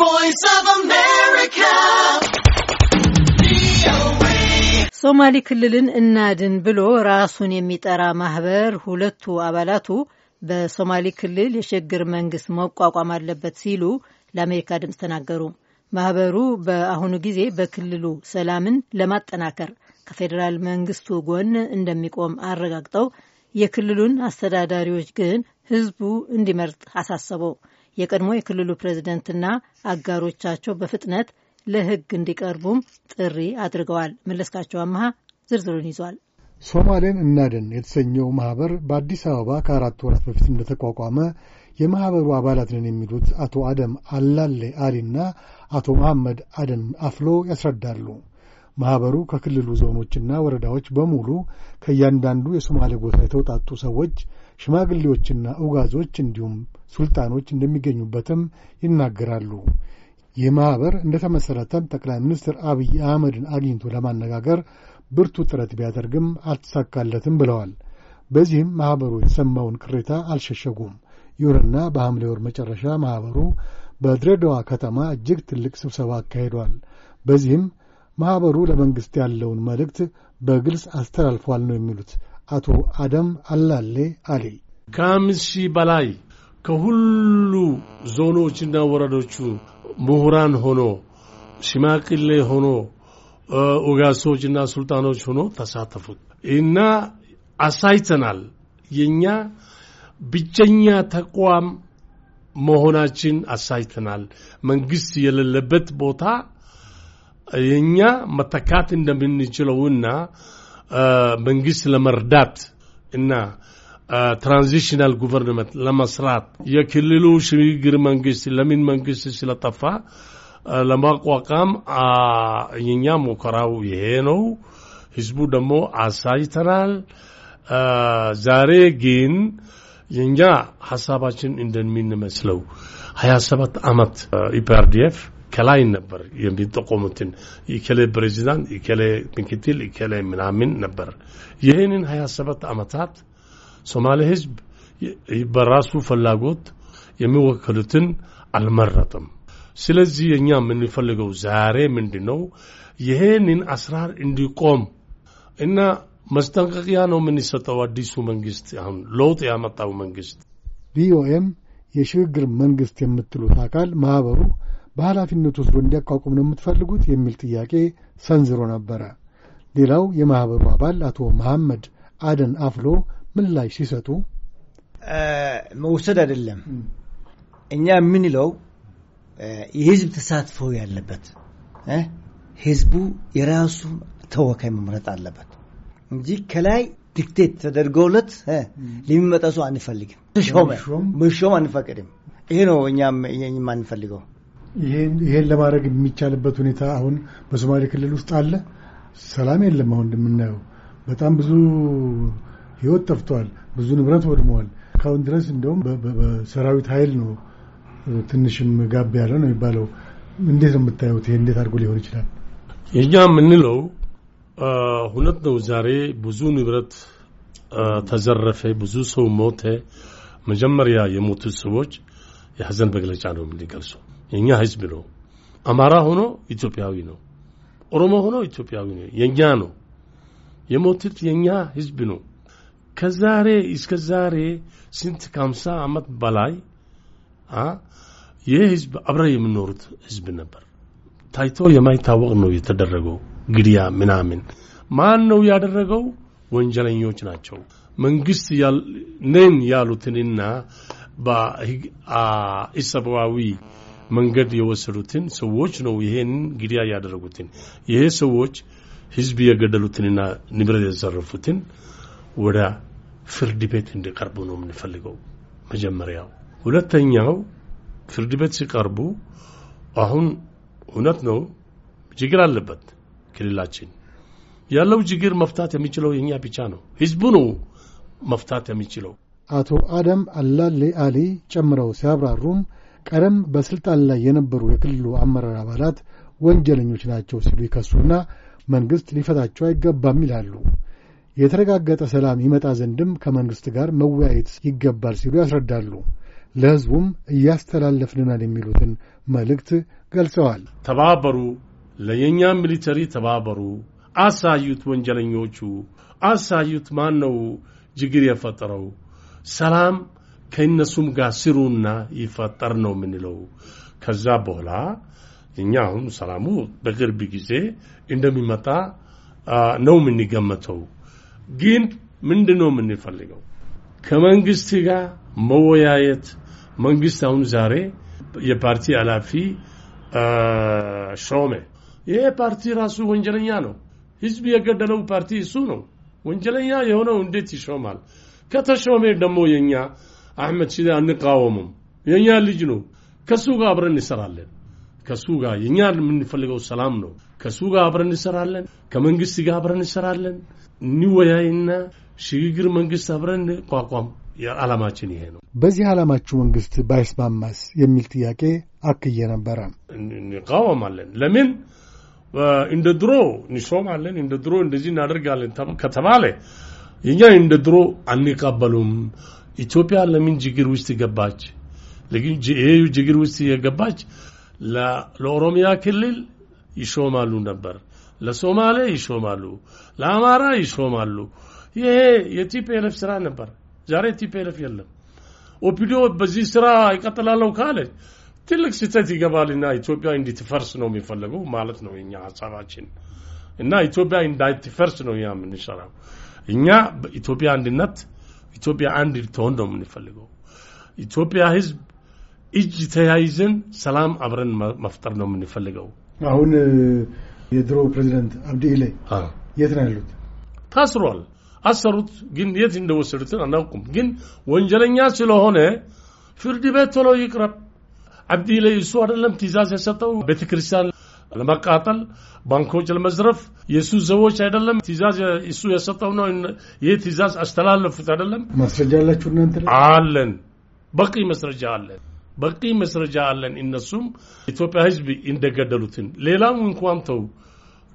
voice ሶማሌ ክልልን እናድን ብሎ ራሱን የሚጠራ ማህበር ሁለቱ አባላቱ በሶማሌ ክልል የሽግግር መንግስት መቋቋም አለበት ሲሉ ለአሜሪካ ድምፅ ተናገሩ። ማህበሩ በአሁኑ ጊዜ በክልሉ ሰላምን ለማጠናከር ከፌዴራል መንግስቱ ጎን እንደሚቆም አረጋግጠው የክልሉን አስተዳዳሪዎች ግን ህዝቡ እንዲመርጥ አሳሰበው። የቀድሞ የክልሉ ፕሬዝደንትና አጋሮቻቸው በፍጥነት ለሕግ እንዲቀርቡም ጥሪ አድርገዋል። መለስካቸው አመሃ ዝርዝሩን ይዟል። ሶማሌን እናድን የተሰኘው ማህበር በአዲስ አበባ ከአራት ወራት በፊት እንደተቋቋመ የማህበሩ አባላት ነን የሚሉት አቶ አደም አላሌ አሊና አቶ መሐመድ አደን አፍሎ ያስረዳሉ። ማህበሩ ከክልሉ ዞኖችና ወረዳዎች በሙሉ ከእያንዳንዱ የሶማሌ ጎሳ የተውጣጡ ሰዎች ሽማግሌዎችና እውጋዞች እንዲሁም ሱልጣኖች እንደሚገኙበትም ይናገራሉ። ይህ ማኅበር እንደ ተመሠረተም ጠቅላይ ሚኒስትር አብይ አህመድን አግኝቶ ለማነጋገር ብርቱ ጥረት ቢያደርግም አልተሳካለትም ብለዋል። በዚህም ማኅበሩ የተሰማውን ቅሬታ አልሸሸጉም። ይሁንና በሐምሌ ወር መጨረሻ ማኅበሩ በድሬዳዋ ከተማ እጅግ ትልቅ ስብሰባ አካሂዷል። በዚህም ማኅበሩ ለመንግሥት ያለውን መልእክት በግልጽ አስተላልፏል ነው የሚሉት አቶ አደም አላሌ አሊ ከአምስት ሺህ በላይ ከሁሉ ዞኖችና ወረዶቹ ምሁራን ሆኖ ሽማቅሌ ሆኖ ኦጋሶችና ሱልጣኖች ሆኖ ተሳተፉት እና አሳይተናል። የእኛ ብቸኛ ተቋም መሆናችን አሳይተናል። መንግስት የሌለበት ቦታ የእኛ መተካት እንደምንችለውና Uh, መንግስት ለመርዳት እና ትራንዚሽናል uh, ጉቨርንመንት ለመስራት የክልሉ ሽግግር መንግስት ለምን መንግስት ስለጠፋ uh, ለማቋቋም የኛ ሙከራው ይሄ ነው። ህዝቡ ደግሞ አሳይተናል። ዛሬ ግን የኛ ሀሳባችን እንደሚመስለው 27 ዓመት ኢፒአርዲኤፍ ከላይ ነበር የሚጠቆሙትን የከሌ ፕሬዚዳንት፣ የከሌ ምክትል፣ የከሌ ምናምን ነበር። ይህንን ሀያ ሰባት ዓመታት ሶማሌ ህዝብ በራሱ ፍላጎት የሚወከሉትን አልመረጥም። ስለዚህ እኛ የምንፈልገው ዛሬ ምንድን ነው? ይህንን አስራር እንዲቆም እና መስጠንቀቂያ ነው የምንሰጠው። አዲሱ መንግስት አሁን ለውጥ ያመጣው መንግስት ቪኦኤም የሽግግር መንግስት የምትሉት አካል ማህበሩ በኃላፊነት ወስዶ እንዲያቋቁም ነው የምትፈልጉት የሚል ጥያቄ ሰንዝሮ ነበረ። ሌላው የማኅበሩ አባል አቶ መሐመድ አደን አፍሎ ምላሽ ሲሰጡ መውሰድ አይደለም እኛ የምንለው የህዝብ ተሳትፎ ያለበት ህዝቡ የራሱ ተወካይ መምረጥ አለበት እንጂ ከላይ ዲክቴት ተደርገውለት ለሚመጣ ሰው አንፈልግም። መሾም አንፈቅድም። ይሄ ነው እኛም አንፈልገው። ይሄን ለማድረግ የሚቻልበት ሁኔታ አሁን በሶማሌ ክልል ውስጥ አለ። ሰላም የለም። አሁን እንደምናየው በጣም ብዙ ህይወት ጠፍቷል፣ ብዙ ንብረት ወድመዋል። እስካሁን ድረስ እንደውም በሰራዊት ኃይል ነው ትንሽም ጋብ ያለ ነው የሚባለው። እንዴት ነው የምታዩት? ይሄ እንዴት አድርጎ ሊሆን ይችላል? የኛ የምንለው እውነት ነው። ዛሬ ብዙ ንብረት ተዘረፈ፣ ብዙ ሰው ሞተ። መጀመሪያ የሞቱት ሰዎች የሀዘን መግለጫ ነው የምንገልጸው የእኛ ህዝብ ነው። አማራ ሆኖ ኢትዮጵያዊ ነው። ኦሮሞ ሆኖ ኢትዮጵያዊ ነው። የእኛ ነው የሞትት የእኛ ህዝብ ነው። ከዛሬ እስከ ዛሬ ስንት ከሀምሳ ዓመት በላይ ይህ ህዝብ አብረ የሚኖሩት ህዝብ ነበር። ታይቶ የማይታወቅ ነው የተደረገው ግድያ ምናምን። ማን ነው ያደረገው? ወንጀለኞች ናቸው። መንግስት ነን ያሉትንና በኢሰብአዊ መንገድ የወሰዱትን ሰዎች ነው ይሄን ግድያ ያደረጉትን። ይሄ ሰዎች ህዝብ የገደሉትንና ንብረት የዘረፉትን ወደ ፍርድ ቤት እንዲቀርቡ ነው የምንፈልገው መጀመሪያው። ሁለተኛው ፍርድ ቤት ሲቀርቡ አሁን እውነት ነው ችግር አለበት ክልላችን ያለው ችግር መፍታት የሚችለው የኛ ብቻ ነው፣ ህዝቡ ነው መፍታት የሚችለው። አቶ አደም አላሌ አሊ ጨምረው ሲያብራሩም ቀደም በስልጣን ላይ የነበሩ የክልሉ አመራር አባላት ወንጀለኞች ናቸው ሲሉ ይከሱና መንግሥት ሊፈታቸው አይገባም ይላሉ። የተረጋገጠ ሰላም ይመጣ ዘንድም ከመንግሥት ጋር መወያየት ይገባል ሲሉ ያስረዳሉ። ለሕዝቡም እያስተላለፍንናል የሚሉትን መልእክት ገልጸዋል። ተባበሩ፣ ለየእኛ ሚሊተሪ ተባበሩ፣ አሳዩት፣ ወንጀለኞቹ አሳዩት፣ ማን ነው ችግር የፈጠረው ሰላም ከእነሱም ጋር ስሩና ይፈጠር ነው የምንለው። ከዛ በኋላ እኛ አሁን ሰላሙ በቅርብ ጊዜ እንደሚመጣ ነው የምንገመተው። ግን ምንድን ነው የምንፈልገው? ከመንግስት ጋር መወያየት። መንግስት አሁን ዛሬ የፓርቲ ኃላፊ ሾመ። ይሄ ፓርቲ ራሱ ወንጀለኛ ነው። ህዝብ የገደለው ፓርቲ እሱ ነው። ወንጀለኛ የሆነው እንዴት ይሾማል? ከተሾሜ ደግሞ የኛ አሕመድ ሽዴ አንቃወሙም። የእኛ ልጅ ነው። ከሱ ጋር አብረን እንሰራለን። ከሱ ጋር የእኛ የምንፈልገው ሰላም ነው። ከሱ ጋር አብረን እንሰራለን። ከመንግስት ጋር አብረን እንሰራለን። እንወያይና ሽግግር መንግስት አብረን ቋቋም። ዓላማችን ይሄ ነው። በዚህ ዓላማችሁ መንግስት ባይስማማስ የሚል ጥያቄ አክዬ ነበረ። እንቃወማለን። ለምን እንደ ድሮ እንሾማለን፣ እንደ ድሮ እንደዚህ እናደርጋለን ከተባለ እኛ እንደ ድሮ አንቀበሉም። ኢትዮጵያ ለምን ችግር ውስጥ ገባች? ይህ ችግር ውስጥ የገባች ለኦሮሚያ ክልል ይሾማሉ ነበር፣ ለሶማሌ ይሾማሉ፣ ለአማራ ይሾማሉ። ይሄ የቲፒኤልኤፍ ስራ ነበር። ዛሬ ቲፒኤልኤፍ የለም። ኦፒዲዮ በዚህ ስራ ይቀጥላለሁ ካለ ትልቅ ስህተት ይገባልና ኢትዮጵያ እንድትፈርስ ነው የሚፈለጉ ማለት ነው የኛ ሀሳባችን እና ኢትዮጵያ እንዳትፈርስ ነው ያ የምንሰራው እኛ ኢትዮጵያ አንድነት ኢትዮጵያ አንድ ልትሆን ነው የምንፈልገው። ኢትዮጵያ ህዝብ እጅ ተያይዘን ሰላም አብረን መፍጠር ነው የምንፈልገው። አሁን የድሮ ፕሬዚደንት አብዲ ኢሌ የት ነው ያሉት? ታስሯል። አሰሩት፣ ግን የት እንደወሰዱትን አናውቁም። ግን ወንጀለኛ ስለሆነ ፍርድ ቤት ቶሎ ይቅረብ። አብዲ ኢሌ እሱ አይደለም ትእዛዝ የሰጠው ቤተክርስቲያን ለመቃጠል፣ ባንኮች ለመዝረፍ የእሱ ዘቦች አይደለም። ትእዛዝ እሱ የሰጠው ነው። ይህ ትእዛዝ አስተላለፉት አይደለም። ማስረጃ አላችሁ እናንተ? አለን። በቂ መስረጃ አለን። በቂ መስረጃ አለን። እነሱም ኢትዮጵያ ህዝብ እንደገደሉትን ሌላም እንኳን ተው፣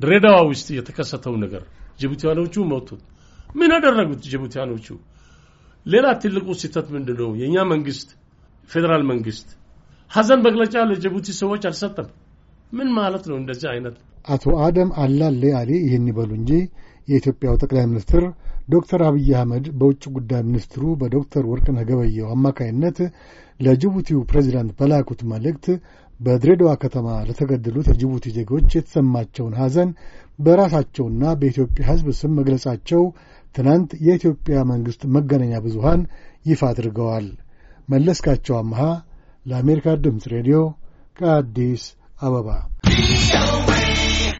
ድሬዳዋ ውስጥ የተከሰተው ነገር ጅቡቲያኖቹ መቱት። ምን ያደረጉት ጅቡቲያኖቹ? ሌላ ትልቁ ስህተት ምንድን ነው? የእኛ መንግስት ፌዴራል መንግስት ሀዘን መግለጫ ለጅቡቲ ሰዎች አልሰጠም። ምን ማለት ነው እንደዚህ አይነት? አቶ አደም አላሌ አሊ ይህን ይበሉ እንጂ የኢትዮጵያው ጠቅላይ ሚኒስትር ዶክተር አብይ አህመድ በውጭ ጉዳይ ሚኒስትሩ በዶክተር ወርቅነህ ገበየው አማካይነት ለጅቡቲው ፕሬዚዳንት በላኩት መልእክት በድሬዳዋ ከተማ ለተገደሉት የጅቡቲ ዜጎች የተሰማቸውን ሐዘን በራሳቸውና በኢትዮጵያ ሕዝብ ስም መግለጻቸው ትናንት የኢትዮጵያ መንግሥት መገናኛ ብዙሃን ይፋ አድርገዋል። መለስካቸው አምሃ ለአሜሪካ ድምፅ ሬዲዮ ከአዲስ አበባ